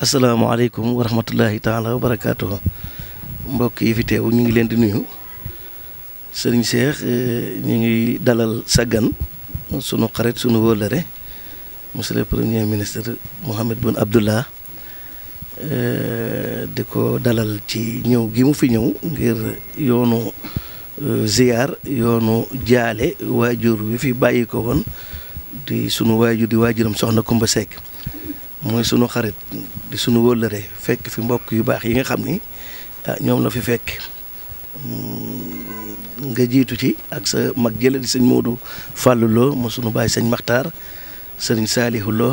asalaamaaleykum wa rahmatullahi taala wa barakaatuhu mbokk yi fi teew ñu ngi leen di nuyu sëriñ Cheikh eh, ñu ngi dalal saggan sunu xarit sunu wóolare monsieur le premier ministre Mohamed Boun Abdallah eh, di ko dalal ci ñëw gi mu fi ñëw ngir yoonu eh, ziyaar yoonu jaale waajur wi fi bàyyi ko woon di sunu waajur di waajuram soxna Kumba Seck mooy sunu xarit di sunu wóllëre fekk fi mbokk yu baax yi nga xam ni ah, ñoom la fi fekk mm, nga jiitu ci ak sa mag jële di sëñ Modou Fallou Lo mu sunu baay sëñ maxtar sëriñ Saalihu Lo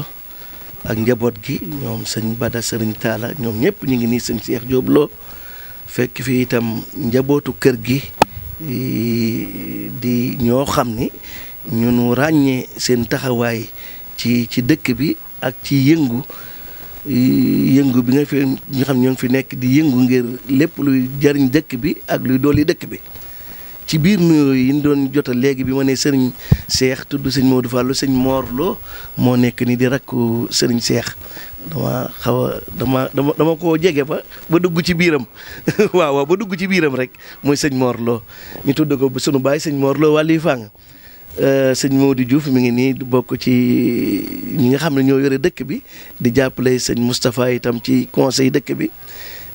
ak njaboot gi ñoom sëñ Bada sëriñ Taala ñoom ñëpp ñu ngi nii sëñ Seex Jóob Lo fekk fi itam njabootu kër gi di ñoo xam ni ñu nu ràññee seen taxawaay ci ci dëkk bi ak ci yëngu yëngu bi nga fi ñu xam ñoo fi nekk di yëngu ngir lépp luy jariñ dëkk bi ak luy dooli dëkk bi ci biir nuyoo yi ñu doon jota léegi bi ma ne sëriñ Cheikh tudd sëñ Modou Fallou sëñ moorloo moo nekk nii di rakku sëriñ seex dama xaw dama dama dama koo jege ba ba dugg ci biiram waaw ba dugg ci biiram rek mooy sëñ moorloo Lo ñu tudd ko sunu baay sëñ Mor Lo wàllu fang Euh, sëñ Modou Diouf mu ngi nii bokk ci ñi nga xam ne ñoo yore dëkk bi di jàppale sëñ Moustapha itam ci conseil dëkk bi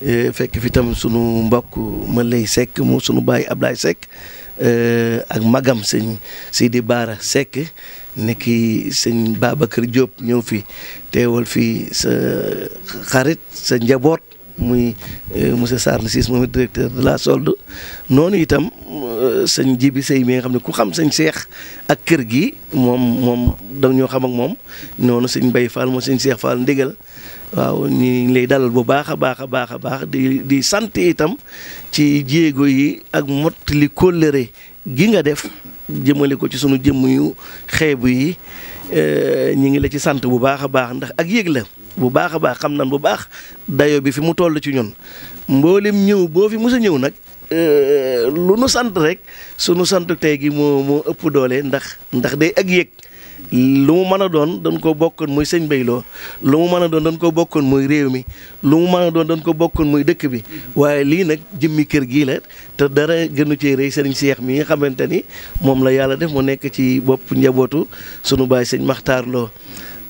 euh, fekk fi tam sunu mbokk lay sekk mu sunu baay Ablaye Seck euh, ak magam sëñ di Baara sekk ni ki sëñ Babacar Diop ñëw fi teewal fi sa xarit sa njaboot muy euh, monsieur Sarr Ciss moom directeur de la solde noonu itam euh, sëñ Jibi Sey mi nga xam ne ku xam sëñ Cheikh ak kër gi moom moom dañoo xam ak moom noonu sëñ bay Fall moom sëñ Cheikh Fall ndigal waaw ñu ngi lay dalal bu baax a baax a baax a baax di di sant itam ci jéego yi ak mott li kóllëre gi nga def jëmale ko ci sunu jëmm yu xeebu yi. Euh, ñu ngi la ci sant bu baax a baax ndax ak yéeg la bu baax a baax xam nan bu baax dayo bi fi mu toll ci ñun mboolem ñëw boo fi mos ñëw nag euh, lu nu sant rek sunu sant tey gi moo moo ëpp doole ndax ndax day ak yéeg lu mu mën a doon dañ ko bokkoon muy sëñ Bayloo lu mu mën a doon dañ ko bokkoon muy réew mi lu mu mën a doon dañ ko bokkoon muy dëkk bi waaye lii nag jëmmi kër gii la te dara gënu cee rëy sëriñ Seex mi nga xamante ni moom la yàlla def mu nekk ci bopp njabootu sunu baay sëñ maxtarloo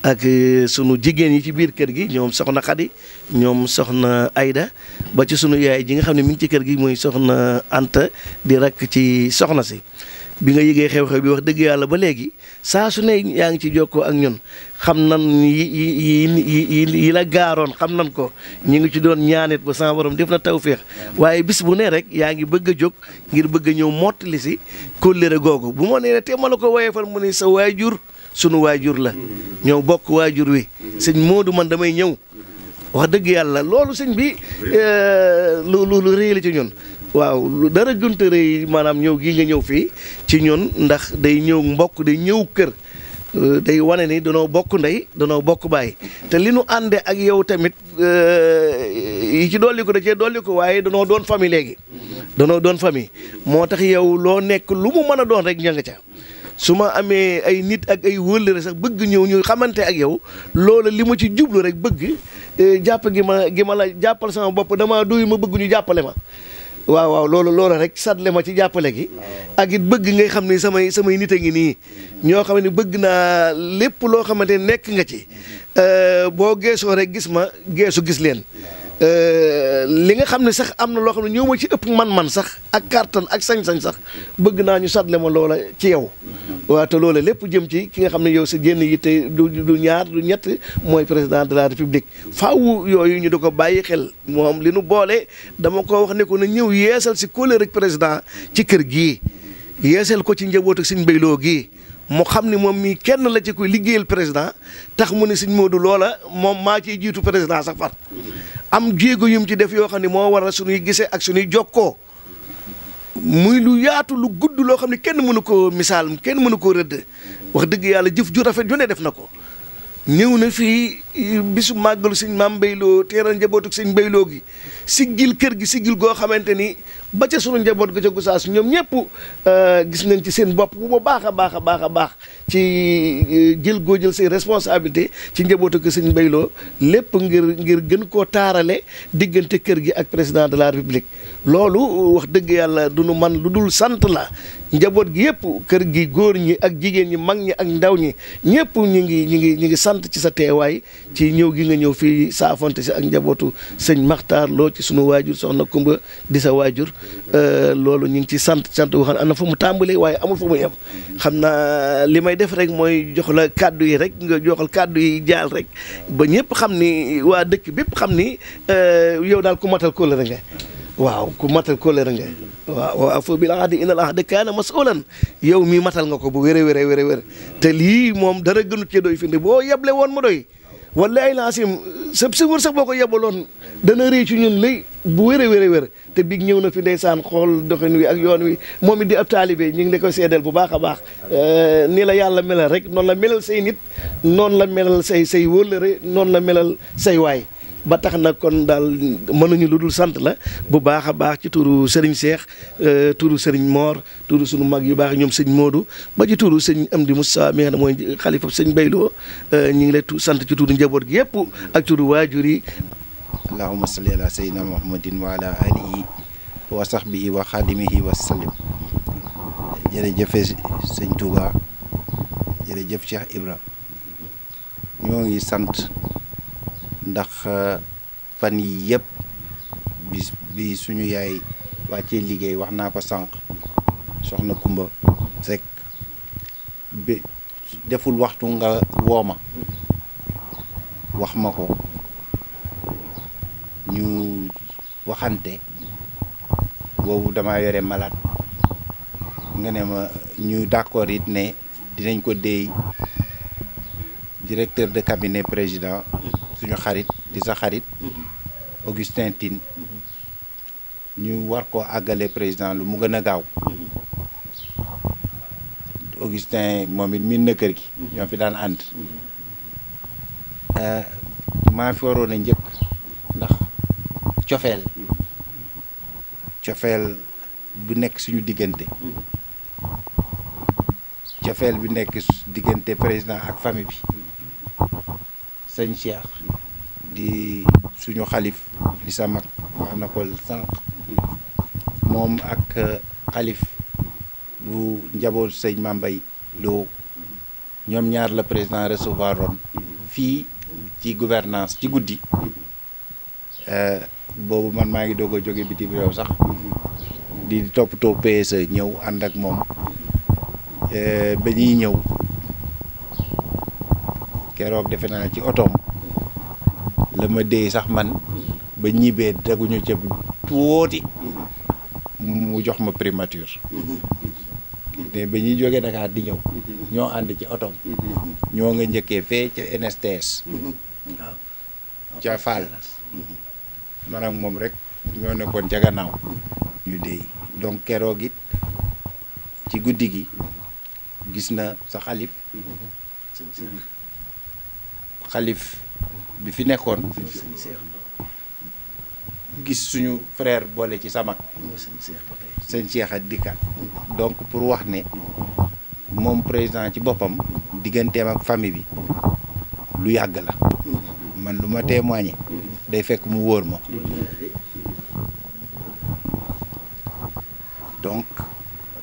ak e, sunu jigéen yi ci biir kër gi ñoom soxna Xadi ñoom soxna Ayda ba ci sunu yaay ji nga xam ne mi ngi ci kër gi muy soxna Anta di rakk ci soxna si bi nga yëgee xew-xew bi wax dëgg yàlla ba léegi saa su ne yaa ngi ci jokkoo ak ñun xam nan yi yi yi yi la gaaroon xam nan ko ñu ngi ci doon ñaanit ba sama borom def na tawféex waaye bis bu ne rek yaa ngi bëgg a jóg ngir bëgg a ñëw mottali si kóllëre googu bu ma nee te ma la ko woyee fan mu ne sa waajur sunu waajur la ñëw bokk waajur wi sëñ Modou man damay ñëw wax dëgg yàlla loolu sëñ bi eh, lu ci ñun waaw lu dara gënta rëy maanaam ñëw gii nga ñëw fii ci ñun ndax day ñëw mbokk day ñëw kër euh, day wane ni danoo bokk ndey danoo bokk baay te li nu ànde ak yow tamit euh, yi ci dolli ko da cee dolli ko waaye danoo doon famille léegi danoo doon famille moo tax yow loo nekk lu mu mën a doon rek ña nga ca su ma amee ay nit ak ay wëllëre sax bëgg ñëw ñu xamante ak yow loolu li ma ci jublu rek bëgg euh, jàpp gi ma gi ma la jàppal sama bopp dama doy ma bëgg ñu jàppale ma waaw waaw loolu loolu rek sàddale ma ci jàppale gi ak it bëgg ngay xam ni samay samay nit a ngi nii mm-hmm. ñoo xam ne bëgg naa lépp loo xamante nekk nga ci mm-hmm. euh, boo geesoo rek gis ma geesu gis leen Euh, li nga xam ne sax am na loo xam ne ñoo ma ci ëpp man-man sax ak kàttan ak sañ-sañ sax bëgg naa ñu sàddale ma loola ci yow. waaw te loola lépp jëm ci ki nga xam ne yow si génn yi tey du ñaar du ñett mooy président de la république faaw yooyu ñu di ko bàyyi xel moom li nu boole dama ko wax ne ko na ñëw yeesal si kóolóor ak président ci kër gi yeesal ko ci njabootu suñu béyloo gii. mu xam ni moom mii kenn la ci koy liggéeyal président tax mu ne sëñ Modou loola moom maa ciy jiitu président sax far am jéego yum ci def yoo xam ne moo war waral suñuy gisee ak suñuy jokkoo muy lu yaatu lu gudd loo xam ne kenn mënu ko misaal kenn mënu koo rëdd wax dëgg yàlla jëf ju rafet yu ne def na ko ñëw na fii eh, bisu màggalu sëñ maam mbayloo teeral njabootuk sëñ mbayloo gi siggil kër gi siggil goo xamante ni ba ca sunu njaboot ga ca Gossas ñoom ñëpp eh, gis nañ ci seen bopp bu baax a baax a baax a baax ci eh, jël goo jël seen responsabilité ci njabootuk sëñ mbayloo lépp ngir ngir gën koo taarale diggante kër gi ak président de la république loolu wax dëgg yàlla du nu man lu dul sant la njaboot gi yëpp kër gi góor ñi ak jigéen ñi mag ñi ak ndaw ñi ñëpp ñu ngi ñu ngi ñu ngi sant ci sa teewaay ci ñëw gi nga ñëw fii saafonte si ak njabootu sëñ Maxtaar loo ci sunu waajur soxna Kumba di sa waajur euh, loolu ñu ngi ci sant sant boo xam ne am na fu mu tàmbalee waaye amul fu mu yem xam naa li may def rek mooy jox la kàddu yi rek nga joxal kàddu yi jaal rek ba ñëpp xam ni waa dëkk bépp xam ni euh, yow daal ku matal waaw ku matal kóllëre nga waaw waaw afo bil ahdi inal ahda kaana masulan yow mii matal nga ko bu wér a wér a wér a wér te lii moom dara gënut cee doy firnde boo yeble woon mu doy wallaay laasim sa si wër sax boo ko dana rëy ci ñun lay bu wéree a wér a wér te big ñëw na fi ndeysaan xool doxin wi ak yoon wi moom it di ab taalibe ñu ngi la koy seedeel bu baax a baax eh, nii la yàlla melal rek noonu la melal say nit noonu la melal say say wóllëre noonu la melal say waay ba tax na kon daal mënuñu lu dul sant la bu baax a baax ci turu Serigne Cheikh euh, turu Serigne moor turu suñu mag yu baax ñoom sëñ Modou ba ci turu sëñ Amdi Moussa mi nga xam ne mooy xalifa sëñ Bayloo euh, ñu ngi lay sant ci turu njaboot gi yëpp ak turu waajur yi. allahumma salli ala sayyidina muhammadin wa ala alihi wa sahbihi wa xadimihi wa sallim jërëjëf sëñ Touba jërëjëf Cheikh Ibra ñoo ngi sant. ndax euh, fan yii yëpp bi bi suñu yaay wàccee liggéey wax naa ko sànq soxna Kumba Seck bi deful waxtu nga woo ma wax ma ko ñu waxante boobu dama yore malaat nga ne ma ñu d'accord it ne dinañ ko déey directeur de cabinet président suñu xarit di sa xarit mm-hmm. Augustin Tine mm-hmm. ñu war koo àggale président lu mu gën a gaaw mm-hmm. Augustin moom it miin na kër gi ñoo fi daan ànd euh, maa fi waroon a njëkk ndax cofeel cofeel bu nekk suñu diggante cofeel bu nekk diggante président ak famille bi sëñ Cheikh di suñu xalif di sa mag wax na ko sànq moom ak euh, xalif bu njaboot sëñ Mambay Lo ñoom ñaar la président recevoir ron fii ci gouvernance ci guddi euh, boobu man maa ngi doog a jóge bitim réew sax di toppatoo PSE ñëw ànd ak moom euh, ba ñuy ñëw keroog defe naa ci otoom la ma dee sax man ba ñibbee daguñu ca tuuti mu jox ma primature te ba ñuy jógee Dakar di ñëw ñoo ànd ci otom ñoo nga njëkkee fee ca NSTS ca Fall man moom rek ñoo nekkoon ca gannaaw ñu dee donc keroog it ci guddi gi gis na sa xalif xalif bi fi nekkoon gis suñu frère boole ci sama seen Cheikh ak donc pour wax ne moom président ci boppam digganteem ak famille bi lu yàgg la man lu ma témoigner day fekk mu wóor ma donc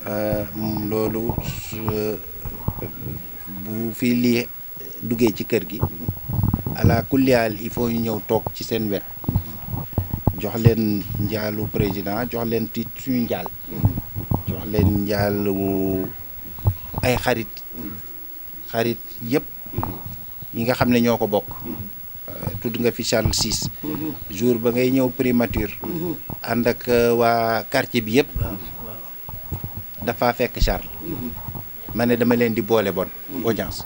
euh, loolu euh, bu fi lii duggee ci kër gi ala kulliyaal il faut ñu ñëw toog ci seen wet jox leen njaalu président jox leen tiit suñu njaal jox leen njaalu ay xarit xarit yëpp ñi nga xam ne ñoo ko bokk euh, tudd nga fi Charles Cissé jour ba ngay ñëw primature ànd ak euh, waa quartier bi yëpp dafa fekk Charles ma ne dama leen di boole bon audience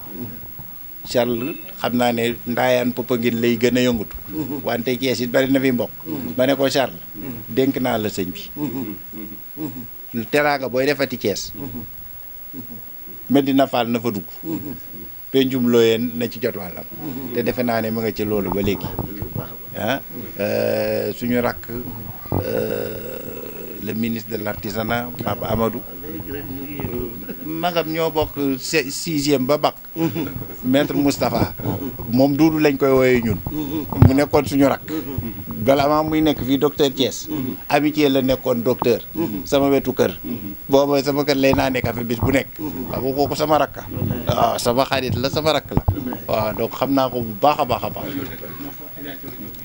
Charles xam naa ne ndaayaan Popenguine lay gën a yëngatu. wante Cees it bari na fi mbokk. ma ne ko Charles. dénk naa la sëñ bi. teraanga booy defati Cees. Medina Fall na fa dugg. pencum looyeen na ci jot wàllam. te defe naa ne mu nga ci loolu ba léegi. ah euh, suñu rakk euh, le ministre de l'artisanat Pape Amadou. magam ñoo bokk sixième ba bac maître Moustapha moom duudu lañ koy wooyee ñun mu nekkoon suñu rak bala maa muy nekk fii docteur Thiès amitié la nekkoon docteur sama wetu kër booba sama kër lay naa nekk affaire bis bu nekk waaw kooku sama rakka waaw sama xarit la sama rakk la waaw donc xam naa ko bu baax a baax a baax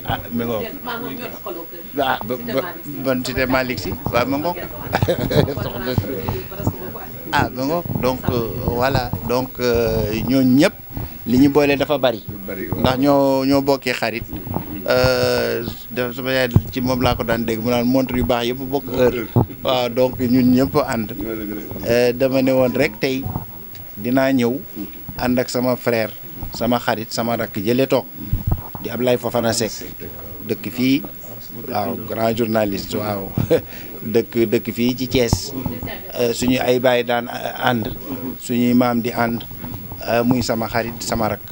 ah mi ngoog ah ban cité Malick si waaw mi ngoog ah ba ngoog donc euh, voilà donc euh, ñooñu ñëpp li ñu boole dafa bari. ndax ñoo ñoo bokkee xarit. Euh, dafa sama ci moom laa ko daan dégg mu naan montre yu baax yëpp bokk heure. waaw donc ñun ñëpp ànd. dama ne woon rek tey dinaa ñëw ànd ak sama frère sama xarit sama rakk jële toog di Ablaye Fofana Seck dëkk fii ah, waaw grand journaliste waaw. dëkk dëkk fii ci Thiès euh, suñu ay baay daan euh, ànd suñuy maam di ànd euh, muy sama xarit sama rak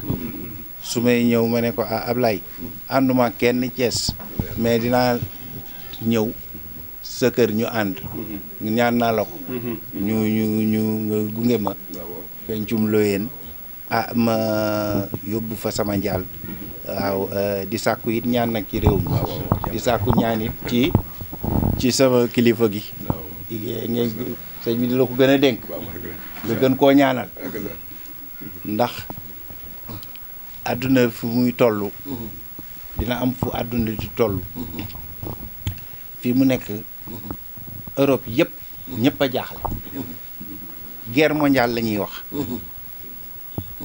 su may ñëw ma ne ko ah Ablaye ànduma kenn Thiès mais dinaa ñëw sa kër ñu ànd ñaan naa la ko ñu ñu ñu gunge ma pencum looyeen ah ma yóbbu fa sama njaal waaw di sàkku it ñaan nag ci réew mi di sàkku ñaan it ci ci sama kilifa gi. ngay sëñ bi di ko gën a dénk. nga gën koo ñaanal. ndax àdduna fu muy toll. Mhm. dina am fu àdduna di toll. Mhm. fii mu nekk mhm. Europe yëpp ñëpp a jaaxle. guerre mondiale la ñuy wax.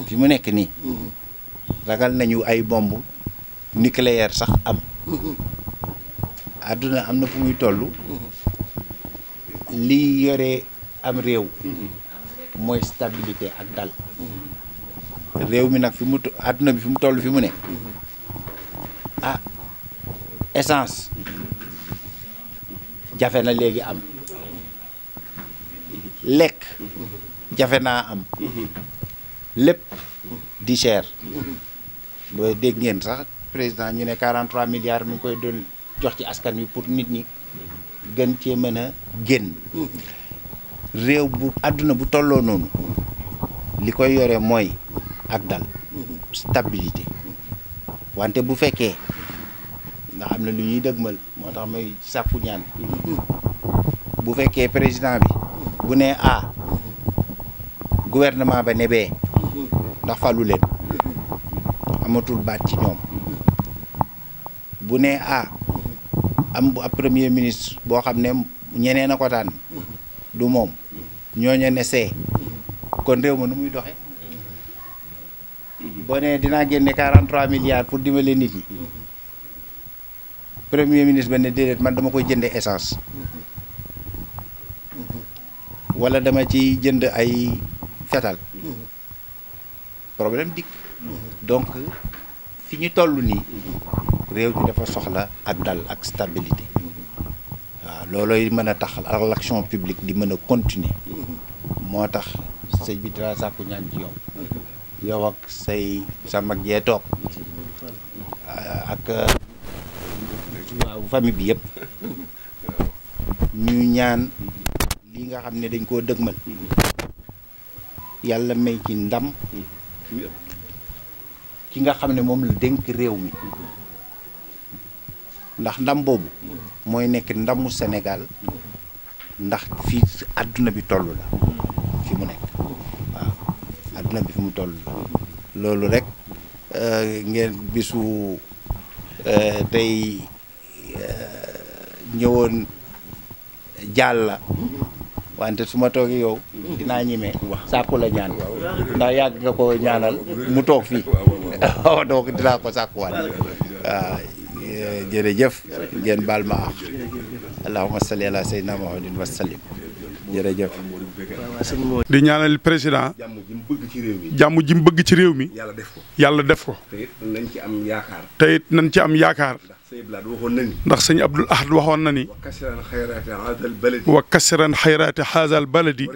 fi mu nekk nii. ragal nañu ay bomb nucléaire sax am. àdduna am na fu muy toll liy yore am réew mooy stabilité ak dal réew mi nag fi mu àdduna bi fi mu toll fi mu ne ah essence jafe na léegi am lekk jafe naa am lépp di cher booy dégg ngeen sax président ñu ne 43 milliards mu ngi koy dolli jox ci askan wi pour nit ñi gën cee mën a génn réew bu àdduna bu tolloo noonu li koy yore mooy ak dal stabilité wante bu fekkee ndax am na lu ñuy dëgmal moo tax may sàkku ñaan bu fekkee président bi bu nee a gouvernement ba ne bee ndax falu leen amatul baat ci ñoom bu nee a am bu ab premier ministre boo xam ne ñeneen a ko tànn du moom ñooñu ne see kon réew ma nu muy doxe boo nee dinaa génne 43 milliards pour dimbale nit ñi premier ministre ba ne déedéet man dama koy jënde essence walla dama ci jënd ay fetal problème dikk donc fi ñu toll nii réew mi dafa soxla ak dal ak stabilité waaw loolooy mën a tax l'action publique di mën a continuer moo tax sëñ bi dara sàkku ñaan ci yow yow ak say sa mag jee toog ah, ak waaw famille bi yëpp ñu ñaan li nga xam ne dañ koo dëgmal yàlla may ci ndam ki nga xam ne moom la dénk réew mi ndax ndam boobu mooy nekk ndamu Sénégal ndax fii àdduna bi toll la fi mu nekk waaw àdduna bi fi mu toll la loolu rek euh, ngeen bisu euh, tey euh, ñëwoon jàll la wante su ma toogee yow dinaa ñemee sàkku la ñaan ndax yàgg nga ko ñaanal mu toog fii donc ko sàkkuwaat jërëjëf ngeen baal ma àq allahumma salli ala sayyidina muhammadin wa sallim jërëjëf. di ñaanal président jàmm ji mu bëgg ci réew mi ji mu bëgg ci réew mi yàlla def ko yàlla def ko. nañ ci am yaakaar. te it ci am yaakaar. ndax sëñ Abdul Ahad waxoon na ni. wa kasiran xayraati haazal baladi.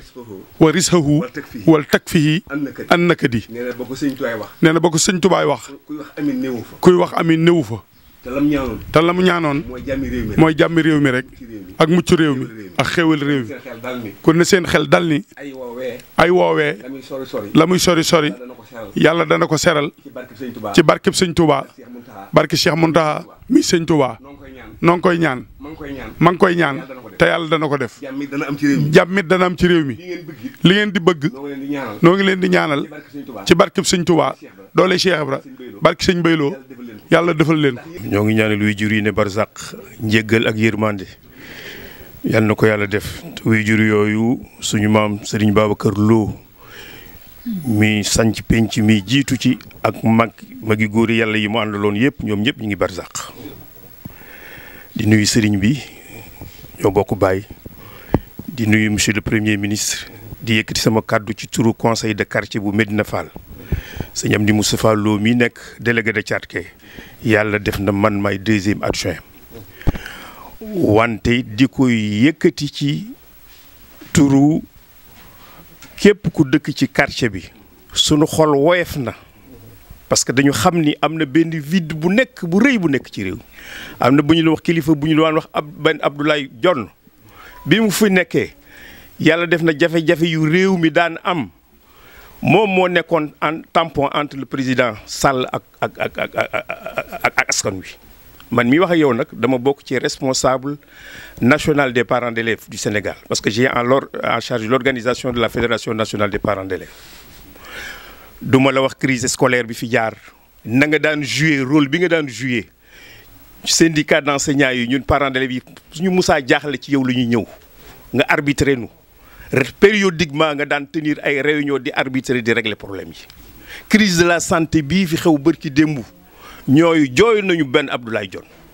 wa rishahu wal takfihi annaka di. nee na ba ko sëñ Tubaay wax. nee na ba ko sëñ Tubaay wax. kuy wax amin néewu wax amin néewu fa. te la mu ñaanoon te la mu mooy jàmmi réew mi rek mooy jàmmi réew mi rek. ak mucc réew mi ak xéwal réew mi. kon ne seen xel dal ni. ay woowee. ay woowee. la muy sori sori. la muy sori yàlla dana ko seral. ci barkeb sëñ Touba. ci barkeb sëñ Touba. barke Cheikh Mountakha mi noo ngi koy ñaan. ma ngi koy ñaan ma ngi koy ñaan te yàlla dana ko def. jàmm dana am ci réew mi dana am ci réew mi. li ngeen di bëgg. noo ngi leen di ñaanal. ci barkeb sëñ Tuubaa doole Cheikh Ibra barke sëñ Bayloo yàlla defal leen ko. ñoo ngi ñaanal waajur yi ne barsàq njéggal ak yërmande yal na ko yàlla def waajur yooyu suñu maam Serigne Babacar Lo mi sanc penc mi jiitu ci ak mag magi góori yàlla yi mu àndaloon yëpp ñoom ñëpp ñu ngi barsàq di nuyu sëriñ bi ñoo bokk baay di nuyu monsieur le premier ministre di yëkkati sama kàddu ci turu conseil de quartier bu Medina Fall sëñ Amdi Moustapha Lo mi nekk délégué de quartier yàlla def na man may deuxième adjoint wante di koy yëkkati ci turu képp ku dëkk ci quartier bi sunu xol woyof na parce que dañu xam ni am na benn vide bu nekk bu rëy bu nekk ci réew am na bu ñu la wax kilifa bu ñu la wax ab benn Abdoulaye Dione bi mu fi nekkee yàlla def na jafe-jafe yu réew mi daan am moom moo nekkoon en tampon entre le président Sall ak ak ak ak ak askan wi. man mi wax ak yow nag dama bokk ci responsable national des parents d'élèves du Sénégal parce que j'ai en en charge l'organisation de la fédération nationale des parents d'élèves duma la wax crise scolaire bi fi jaar na nga daan jouer rôle bi nga daan jouer syndicat d'enseignants yi ñun parents d'élèves su ñu musaa jaaxle ci yow la ñuy ñëw nga arbitrer nu périodiquement nga daan tenir ay réunion di arbitrer di régler problème yi crise de la santé bii fi xew ci démb ñooy jooy nañu benn Abdoulaye Dione